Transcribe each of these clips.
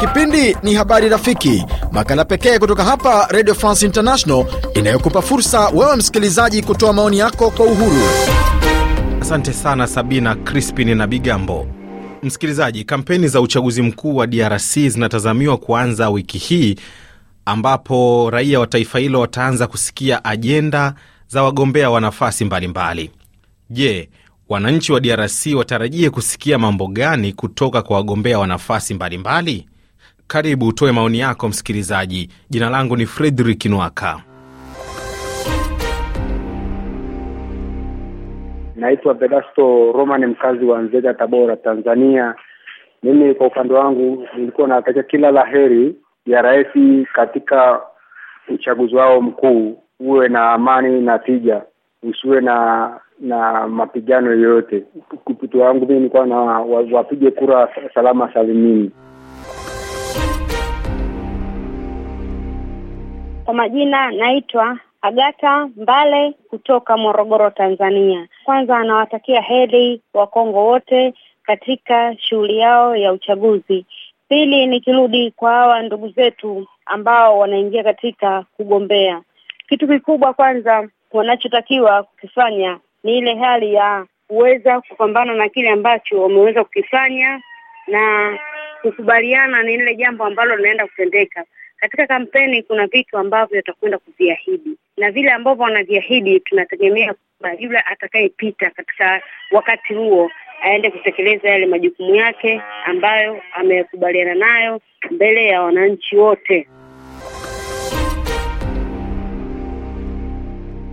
Kipindi ni Habari Rafiki, makala pekee kutoka hapa Radio France International inayokupa fursa wewe msikilizaji kutoa maoni yako kwa uhuru. Asante sana Sabina Crispin na Bigambo. Msikilizaji, kampeni za uchaguzi mkuu wa DRC zinatazamiwa kuanza wiki hii, ambapo raia wa taifa hilo wataanza kusikia ajenda za wagombea wa nafasi mbalimbali. Je, Wananchi wa DRC watarajie kusikia mambo gani kutoka kwa wagombea wa nafasi mbalimbali? Karibu utoe maoni yako msikilizaji. Jina langu ni Fredrik Nwaka. Naitwa Vedasto Roman, mkazi wa Nzega, Tabora, Tanzania. Mimi kwa upande wangu nilikuwa natakia kila laheri ya rais katika uchaguzi wao mkuu, uwe na amani na tija usiwe na na mapigano yoyote. Kupitwa wangu mimi nilikuwa na wapige kura salama salimini. Kwa majina naitwa Agata Mbale kutoka Morogoro, Tanzania. Kwanza anawatakia heri Wakongo wote katika shughuli yao ya uchaguzi. Pili, nikirudi kwa hawa ndugu zetu ambao wanaingia katika kugombea, kitu kikubwa kwanza wanachotakiwa kukifanya ni ile hali ya kuweza kupambana na kile ambacho wameweza kukifanya na kukubaliana na ile jambo ambalo linaenda kutendeka. Katika kampeni kuna vitu ambavyo atakwenda kuviahidi, na vile ambavyo wanaviahidi, tunategemea kwamba yule atakayepita katika wakati huo aende kutekeleza yale majukumu yake ambayo amekubaliana nayo mbele ya wananchi wote.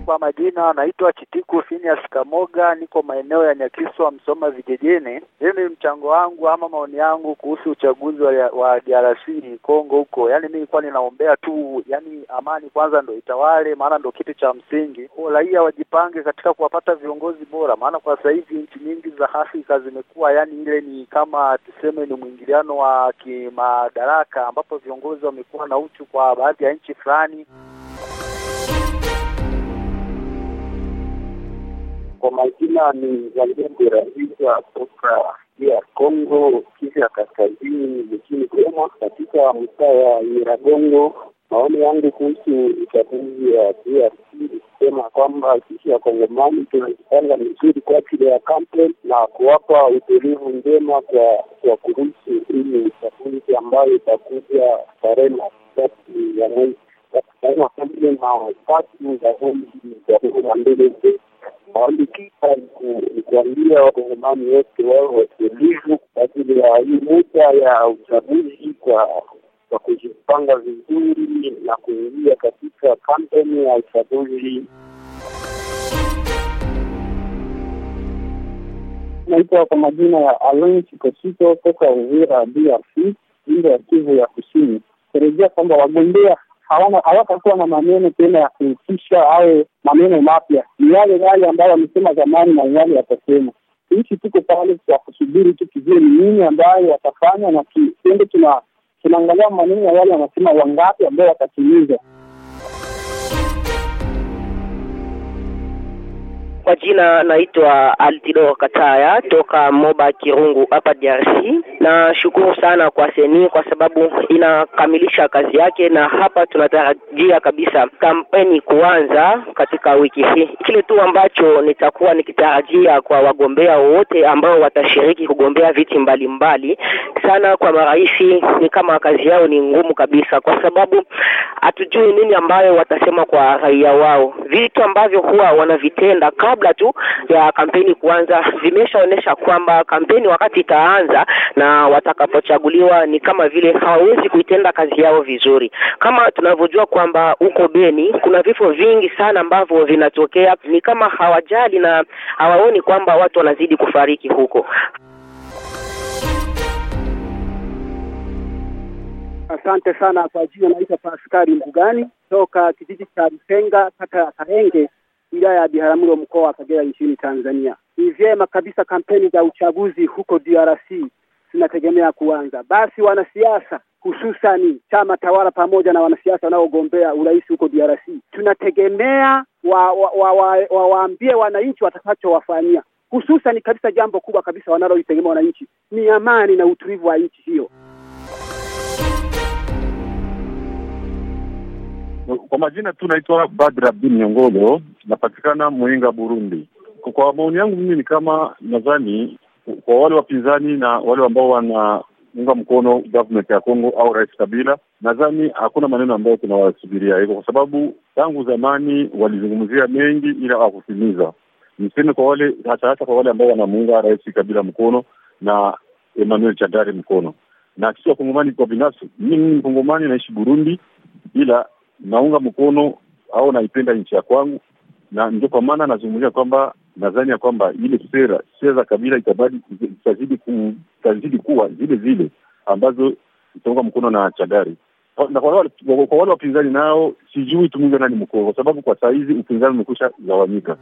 Kwa majina anaitwa Chitiku Phineas Kamoga, niko maeneo ya Nyakiswa, Msoma vijijini. Mimi mchango wangu ama maoni yangu kuhusu uchaguzi wa DRC Kongo huko, yani mimi kwa ninaombea tu, yani amani kwanza ndo itawale, maana ndo kitu cha msingi. Raia wajipange katika kuwapata viongozi bora, maana kwa sasa hivi nchi nyingi za Afrika zimekuwa yani ile ni kama tuseme ni mwingiliano wa kimadaraka, ambapo viongozi wamekuwa na uchu kwa baadhi ya nchi fulani. Kwa majina ni Zalembe, rais wa ya Kongo Kivu ya kaskazini nchini Goma, katika mtaa wa Nyiragongo. Maoni yangu kuhusu uchaguzi ya DRC kusema kwamba sisi wakongomani tunajipanga vizuri kwa ajili ya kampeni na kuwapa utulivu njema kwa kwa kuruhusu ili uchaguzi ambayo itakuja tarehe makati ya mwezi na tatu za mwezi wa mbili Walikia ni kuambia wakongomani wote wao watulivu kwa ajili ya hii muda ya uchaguzi, kwa kwa kujipanga vizuri na kuingia katika kampeni ya uchaguzi. Naitwa kwa majina ya Alen Chikosiko toka Uvira, DRC, jimbo ya Kivu ya Kusini. Kurejea kwamba wagombea hawatakuwa na maneno tena ya kuhusisha au maneno mapya, ni yale yale ambayo wamesema zamani na yale yatasema. Sisi tuko pale kwa kusubiri tu tujue ni nini ambayo watafanya, na tuende tunaangalia maneno ya wale wanasema wangapi ambao watatimiza. Kwa jina naitwa Altidor Kataya toka Moba Kirungu hapa DRC. Nashukuru sana kwa seni kwa sababu inakamilisha kazi yake, na hapa tunatarajia kabisa kampeni kuanza katika wiki hii. Kile tu ambacho nitakuwa nikitarajia kwa wagombea wote ambao watashiriki kugombea viti mbalimbali mbali, sana kwa marais ni kama kazi yao ni ngumu kabisa, kwa sababu hatujui nini ambayo watasema kwa raia wao, vitu ambavyo huwa wanavitenda kabla tu ya kampeni kuanza vimeshaonyesha kwamba kampeni wakati itaanza na watakapochaguliwa ni kama vile hawawezi kuitenda kazi yao vizuri, kama tunavyojua kwamba huko Beni kuna vifo vingi sana ambavyo vinatokea, ni kama hawajali na hawaoni kwamba watu wanazidi kufariki huko. Asante sana. Kwa jina naitwa Paskari Mbugani toka kijiji cha Rusenga kata ya Karenge wilaya ya Biharamulo mkoa wa Kagera nchini Tanzania. Ni vyema kabisa kampeni za uchaguzi huko DRC zinategemea kuanza. Basi wanasiasa hususani chama tawala pamoja na wanasiasa wanaogombea urais huko DRC tunategemea wawaambie wa, wa, wa, wa wananchi watakachowafanyia, hususani kabisa jambo kubwa kabisa wanaloitegemea wananchi ni amani na utulivu wa nchi hiyo. Kwa majina tu naitwa Badr Abdul Nyongolo, napatikana Muinga, Burundi. Kwa maoni yangu mimi ni kama nadhani kwa wale wapinzani na wale ambao wanaunga mkono government ya Kongo au Rais Kabila, nadhani hakuna maneno ambayo tunawasubiria hivyo, kwa sababu tangu zamani walizungumzia mengi, ila hawakutimiza. Niseme kwa wale hata hata kwa wale ambao wanamuunga Rais Kabila mkono na Emmanuel Chandari mkono, na sisi Wakongomani kwa binafsi, mimi ni Mkongomani naishi Burundi, ila naunga mkono au naipenda nchi ya kwangu, na ndio kwa maana anazungumzia kwamba nadhani ya kwamba ile sera sera za Kabila itazidi ku, itazidi kuwa zile zile ambazo itaunga mkono na Chagari na kwa wale wapinzani nao sijui tumunge nani mkono, kwa sababu kwa saa hizi upinzani umekusha gawanyika.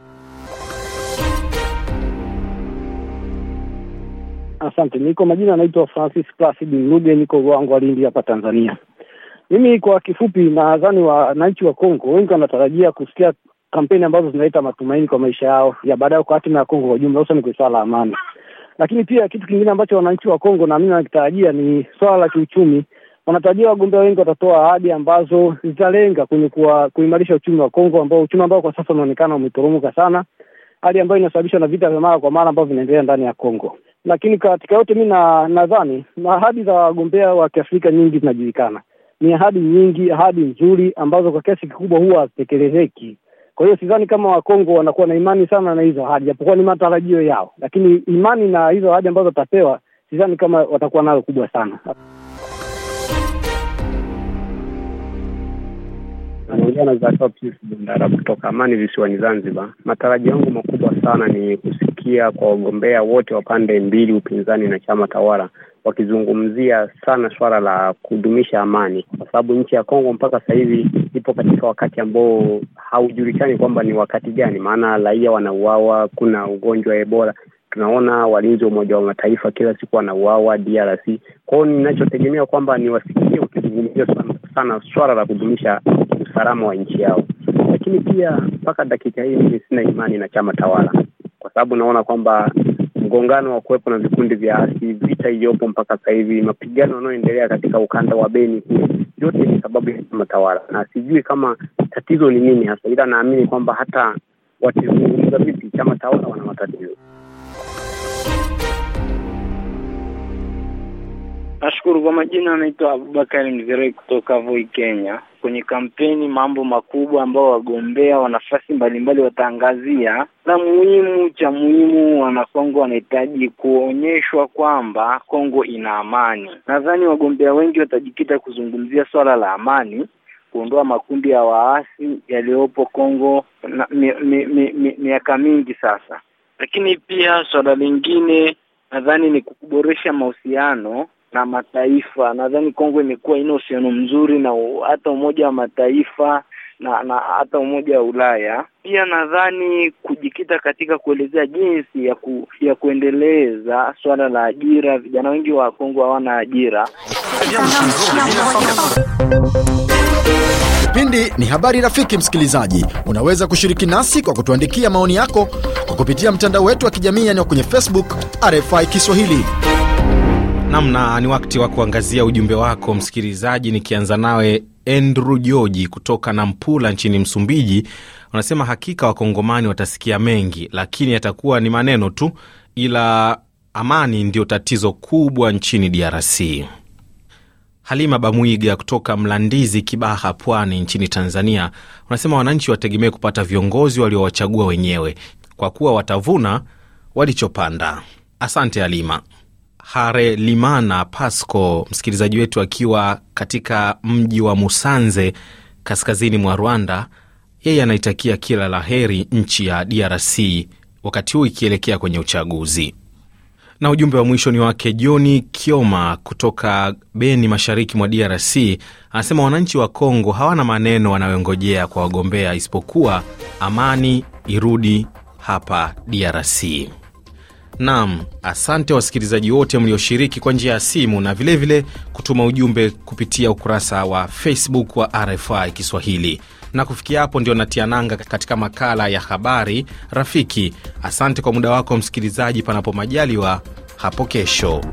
Asante. Niko majina anaitwa Francis Placid Mruge, niko Ruangwa, Lindi hapa Tanzania. Mimi kwa kifupi, nadhani wananchi wa Kongo wengi wanatarajia kusikia kampeni ambazo zinaleta matumaini kwa maisha yao ya baadaye kwa hatima ya Kongo kwa ujumla, hususani kwenye swala la amani. Lakini pia kitu kingine ambacho wananchi wa Kongo na mimi nakitarajia ni swala la kiuchumi. Wanatarajia wagombea wengi watatoa ahadi ambazo zitalenga kwenye kuimarisha uchumi wa Kongo, ambao uchumi ambao kwa sasa unaonekana umetoromoka sana, hali ambayo inasababishwa na vita vya mara kwa mara ambavyo vinaendelea ndani ya Kongo. Lakini katika yote, mi nadhani na ahadi za wagombea wa Kiafrika nyingi zinajulikana, ni ahadi nyingi, ahadi nzuri ambazo kwa kiasi kikubwa huwa hazitekelezeki. Kwa hiyo sidhani kama Wakongo wanakuwa na imani sana na hizo ahadi, japokuwa ni matarajio yao, lakini imani na hizo ahadi ambazo watapewa sidhani kama watakuwa nayo kubwa sana. Anaujana kutoka Amani visiwani Zanzibar. Matarajio yangu makubwa sana ni kusi tumesikia kwa wagombea wote wa pande mbili, upinzani na chama tawala, wakizungumzia sana swala la kudumisha amani, kwa sababu nchi ya Kongo mpaka sasa hivi ipo katika wakati ambao haujulikani kwamba ni wakati gani, maana raia wanauawa, kuna ugonjwa wa Ebola tunaona walinzi wa Umoja wa Mataifa kila siku wanauawa DRC. Kwao ninachotegemea kwamba niwasikie wakizungumzia sana, sana swala la kudumisha usalama wa nchi yao, lakini pia mpaka dakika hii mimi sina imani na chama tawala kwa sababu naona kwamba mgongano wa kuwepo na vikundi vya asi, vita iliyopo mpaka sasa hivi, mapigano yanayoendelea katika ukanda wa Beni kule, yote ni sababu ya chama tawala, na sijui kama tatizo ni nini hasa, ila naamini kwamba hata watizungumza vipi chama tawala wana matatizo. Nashukuru. Kwa majina anaitwa Abubakari Mzirai kutoka Voi, Kenya. Kwenye kampeni, mambo makubwa ambao wagombea wa nafasi mbalimbali wataangazia, na muhimu cha muhimu, wanakongo wanahitaji kuonyeshwa kwamba Kongo ina amani. Nadhani wagombea wengi watajikita kuzungumzia swala la amani, kuondoa makundi ya waasi yaliyopo Kongo miaka mingi sasa, lakini pia swala lingine nadhani ni kuboresha mahusiano na mataifa. Nadhani Kongo imekuwa ina uhusiano mzuri na hata Umoja wa Mataifa na na hata Umoja wa Ulaya. Pia nadhani kujikita katika kuelezea jinsi ya ku, ya kuendeleza swala la ajira. Vijana wengi wa Kongo hawana ajira. Kipindi ni habari. Rafiki msikilizaji, unaweza kushiriki nasi kwa kutuandikia maoni yako kwa kupitia mtandao wetu wa kijamii, yaani kwenye Facebook RFI Kiswahili namna ni wakati wa kuangazia ujumbe wako msikilizaji, nikianza nawe Andrew Joji kutoka Nampula nchini Msumbiji. Unasema hakika wakongomani watasikia mengi, lakini yatakuwa ni maneno tu, ila amani ndio tatizo kubwa nchini DRC. Halima Bamwiga kutoka Mlandizi, Kibaha, Pwani nchini Tanzania, unasema wananchi wategemee kupata viongozi waliowachagua wenyewe, kwa kuwa watavuna walichopanda. Asante Halima. Harelimana Pasco, msikilizaji wetu akiwa katika mji wa Musanze kaskazini mwa Rwanda. Yeye anaitakia kila la heri nchi ya DRC wakati huu ikielekea kwenye uchaguzi. Na ujumbe wa mwisho ni wake Joni Kioma kutoka Beni, mashariki mwa DRC. Anasema wananchi wa Kongo hawana maneno wanayongojea kwa wagombea isipokuwa amani irudi hapa DRC. Naam, asante wasikilizaji wote mlioshiriki kwa njia ya simu na vilevile vile kutuma ujumbe kupitia ukurasa wa Facebook wa RFI Kiswahili. Na kufikia hapo ndio natia nanga katika makala ya habari rafiki. Asante kwa muda wako msikilizaji, panapo majaliwa hapo kesho.